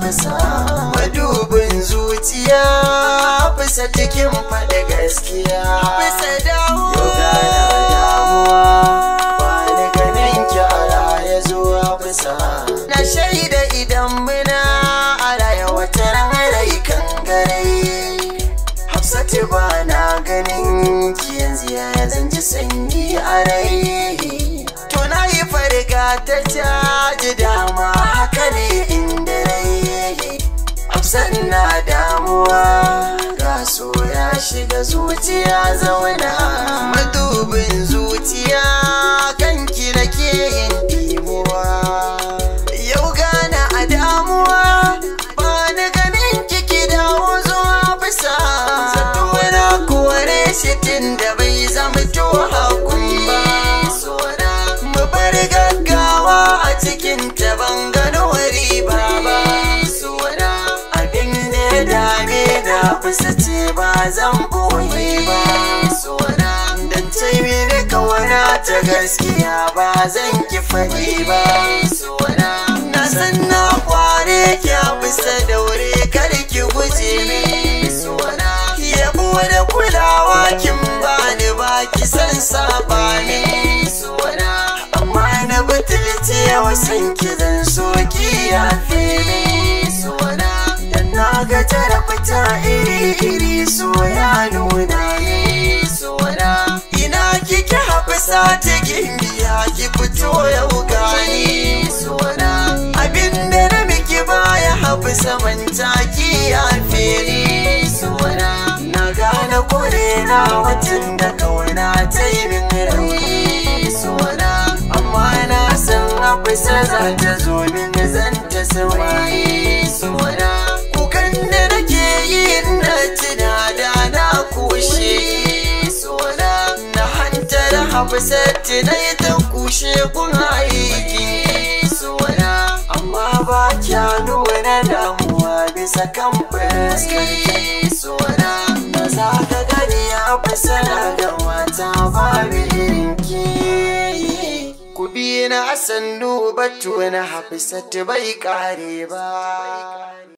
madubin zuciya bisa cikin faɗa gaskiya bisa dawo damuwa wani ganin kyara ya zuwa bisa na shaida idan muna ala ya wata rai kan garai hafsatu ba na ganin ki yanzu ya zanji sanyi a rai to na yi farga ta caji dama san damuwa ga ya shiga zuciya zauna madubin fusa ba zan boye ba suwana dan taimire kawana ta gaskiya ba zan ki faɗi ba suwana na san na kware ki a fusa daure kar ki guje ni suwana yabo da kulawa kin bani ba ki san saba suwana amma na butulce yau san ki zan so ki yafe ni suwana dan na gajar Ta iri-iri so ya nuna yi sona ina kike hafi ta gimbiya ki fito ya gani sona abin da na miki baya hafi saman taki ya fere sona na gane kore na watan da kauna ta yi min rauni sona amma na san haɓasa za ta zo min zan ta fusatti na yi ta kushe kun aiki. amma ba kya nuna damuwa bisa kan fuskanci suwana da za ka gani ya fasara da mata ba irinki ku bi na asannu batu na hafisatu bai kare ba